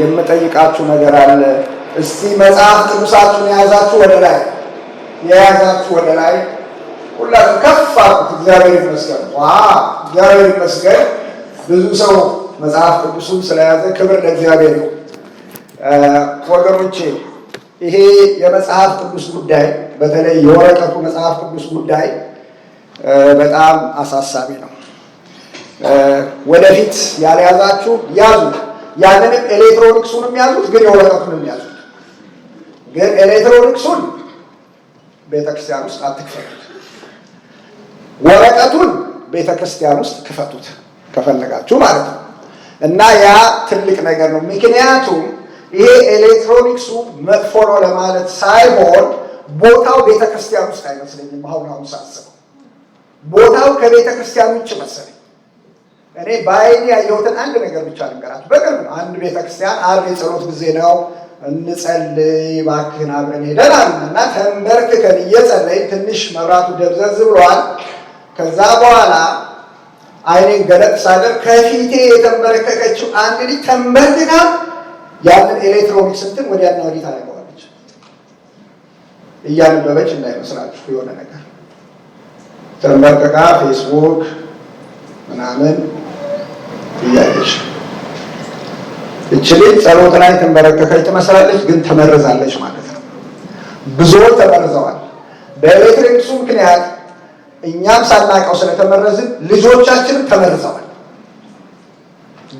የምጠይቃችሁ ነገር አለ። እስቲ መጽሐፍ ቅዱሳችሁን የያዛችሁ ወደ ላይ የያዛችሁ ወደ ላይ ሁላችሁ ከፍ አልኩት። እግዚአብሔር ይመስገን፣ እግዚአብሔር ይመስገን። ብዙ ሰው መጽሐፍ ቅዱሱን ስለያዘ ክብር ለእግዚአብሔር ነው። ወገኖቼ ይሄ የመጽሐፍ ቅዱስ ጉዳይ በተለይ የወረቀቱ መጽሐፍ ቅዱስ ጉዳይ በጣም አሳሳቢ ነው። ወደፊት ያልያዛችሁ ያዙ። ያንንም ኤሌክትሮኒክሱንም ያዙት፣ ግን የወረቀቱንም ያዙት። ግን ኤሌክትሮኒክሱን ቤተክርስቲያን ውስጥ አትክፈቱት፣ ወረቀቱን ቤተክርስቲያን ውስጥ ክፈቱት ከፈለጋችሁ ማለት ነው። እና ያ ትልቅ ነገር ነው። ምክንያቱም ይሄ ኤሌክትሮኒክሱ መጥፎ ነው ለማለት ሳይሆን ቦታው ቤተክርስቲያን ውስጥ አይመስለኝም። አሁን አሁን ሳስበው ቦታው ከቤተክርስቲያን ውጭ መሰለኝ እኔ በአይኔ ያየሁትን አንድ ነገር ብቻ ልንገራችሁ። በቅርብ አንድ ቤተክርስቲያን አርብ የጸሎት ጊዜ ነው። እንጸልይ እባክህን አብረን ሄደን እና ተንበርክከን እየጸለይን ትንሽ መብራቱ ደብዘዝ ብሏል። ከዛ በኋላ አይኔን ገለጥ ሳደር ከፊቴ የተንበረከቀችው አንድ ልጅ ተንበርክካ ያንን ኤሌክትሮኒክስ እንትን ወዲያና ወዲህ ታደርገዋለች። እያነበበች እንዳይመስላችሁ የሆነ ነገር ተንበርክካ ፌስቡክ ምናምን እያየች እች ጸሎት ላይ ትንበረከከች ትመስላለች፣ ግን ተመርዛለች ማለት ነው። ብዙዎች ተመርዘዋል በኤሌክትሪክሱ ምክንያት። እኛም ሳናቀው ስለተመረዝን ልጆቻችንም ተመርዘዋል።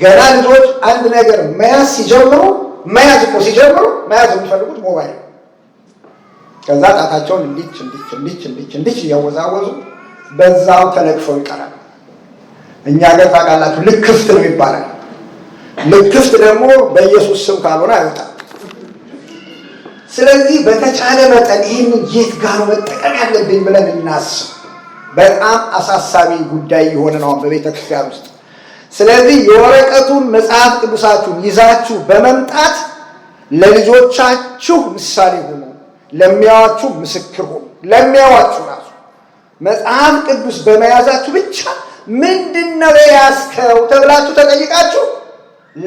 ገና ልጆች አንድ ነገር መያዝ ሲጀምሩ መያዝ እኮ ሲጀምሩ መያዝ የሚፈልጉት ሞባይል ከዛ ጣታቸውን እንዲች እንዲች እንዲች እንዲች እንዲች እያወዛወዙ በዛው ተለቅፈው ይቀራል። እኛ ጋር ታውቃላችሁ ልክፍት ነው ይባላል። ልክፍት ደግሞ በኢየሱስ ስም ካልሆነ አይወጣም። ስለዚህ በተቻለ መጠን ይህን የት ጋር መጠቀም ያለብኝ ብለን እናስብ። በጣም አሳሳቢ ጉዳይ የሆነ ነው በቤተ ክርስቲያን ውስጥ። ስለዚህ የወረቀቱን መጽሐፍ ቅዱሳችሁን ይዛችሁ በመምጣት ለልጆቻችሁ ምሳሌ ሆኑ ለሚያዋችሁ ምስክር ሆኖ ለሚያዋችሁ ራሱ መጽሐፍ ቅዱስ በመያዛችሁ ብቻ ምንድን ነው የያዝከው ተብላችሁ ተጠይቃችሁ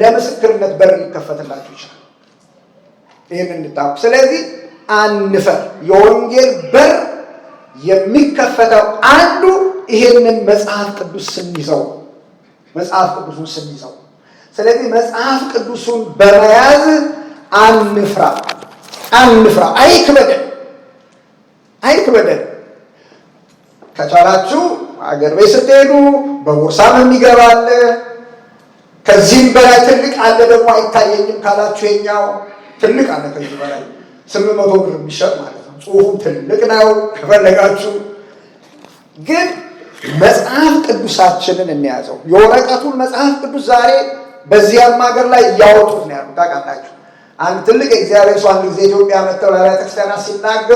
ለምስክርነት በር ሊከፈትላችሁ ይችላል። ይህን እንድታውቁ። ስለዚህ አንፈር። የወንጌል በር የሚከፈተው አንዱ ይሄንን መጽሐፍ ቅዱስ ስንይዘው መጽሐፍ ቅዱሱን ስንይዘው። ስለዚህ መጽሐፍ ቅዱሱን በመያዝ አንፍራ፣ አንፍራ። አይክበደን፣ አይክበደን። ከቻላችሁ አገር ቤት ስትሄዱ በቦርሳም የሚገባ አለ። ከዚህም በላይ ትልቅ አለ ደግሞ አይታየኝም ካላችሁ የኛው ትልቅ አለ። ከዚህ በላይ ስምንት መቶ ብር የሚሸጥ ማለት ነው። ጽሑፉም ትልቅ ነው ከፈለጋችሁ። ግን መጽሐፍ ቅዱሳችንን የሚያዘው የወረቀቱን መጽሐፍ ቅዱስ ዛሬ በዚያም ሀገር ላይ እያወጡት ነው ያሉ ታውቃላችሁ። አንድ ትልቅ የእግዚአብሔር ሰው አንድ ጊዜ ኢትዮጵያ መጥተው ለቤተክርስቲያናት ሲናገሩ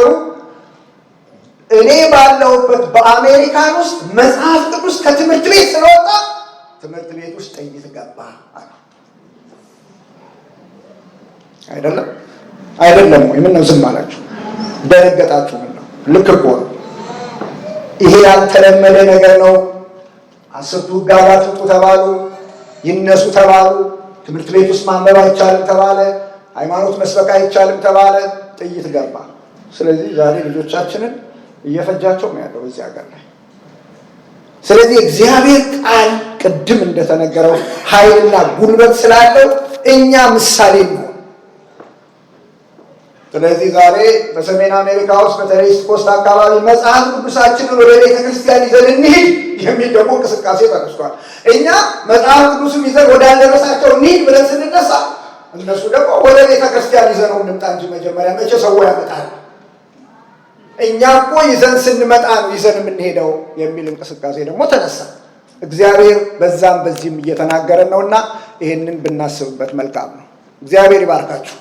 እኔ ባለሁበት በአሜሪካን ውስጥ መጽሐፍ ቅዱስ ከትምህርት ቤት ስለወጣ ትምህርት ቤት ውስጥ ጥይት ገባ። አይደለም አይደለም ወይ? ነው ዝም አላችሁ? ምን ነው ልክ እኮ ነው። ይሄ ያልተለመደ ነገር ነው። አስርቱ ሕግጋት ውጡ ተባሉ፣ ይነሱ ተባሉ። ትምህርት ቤት ውስጥ ማንበብ አይቻልም ተባለ፣ ሃይማኖት መስበክ አይቻልም ተባለ፣ ጥይት ገባ። ስለዚህ ዛሬ ልጆቻችንን እየፈጃቸው ነው ያለው እዚህ ሀገር ላይ። ስለዚህ እግዚአብሔር ቃል ቅድም እንደተነገረው ኃይልና ጉልበት ስላለው እኛ ምሳሌ ነው። ስለዚህ ዛሬ በሰሜን አሜሪካ ውስጥ በተለይ ስፖስት አካባቢ መጽሐፍ ቅዱሳችንን ወደ ቤተ ክርስቲያን ይዘን እንሂድ የሚል ደግሞ እንቅስቃሴ ተነስቷል። እኛ መጽሐፍ ቅዱስም ይዘን ወዳልደረሳቸው እንሂድ ብለን ስንነሳ እነሱ ደግሞ ወደ ቤተ ክርስቲያን ይዘነው እንምጣ እንጂ መጀመሪያ መቼ ሰው ያመጣል እኛ እኮ ይዘን ስንመጣ ነው ይዘን የምንሄደው የሚል እንቅስቃሴ ደግሞ ተነሳ። እግዚአብሔር በዛም በዚህም እየተናገረ ነውና ይህንን ብናስብበት መልካም ነው። እግዚአብሔር ይባርካችሁ።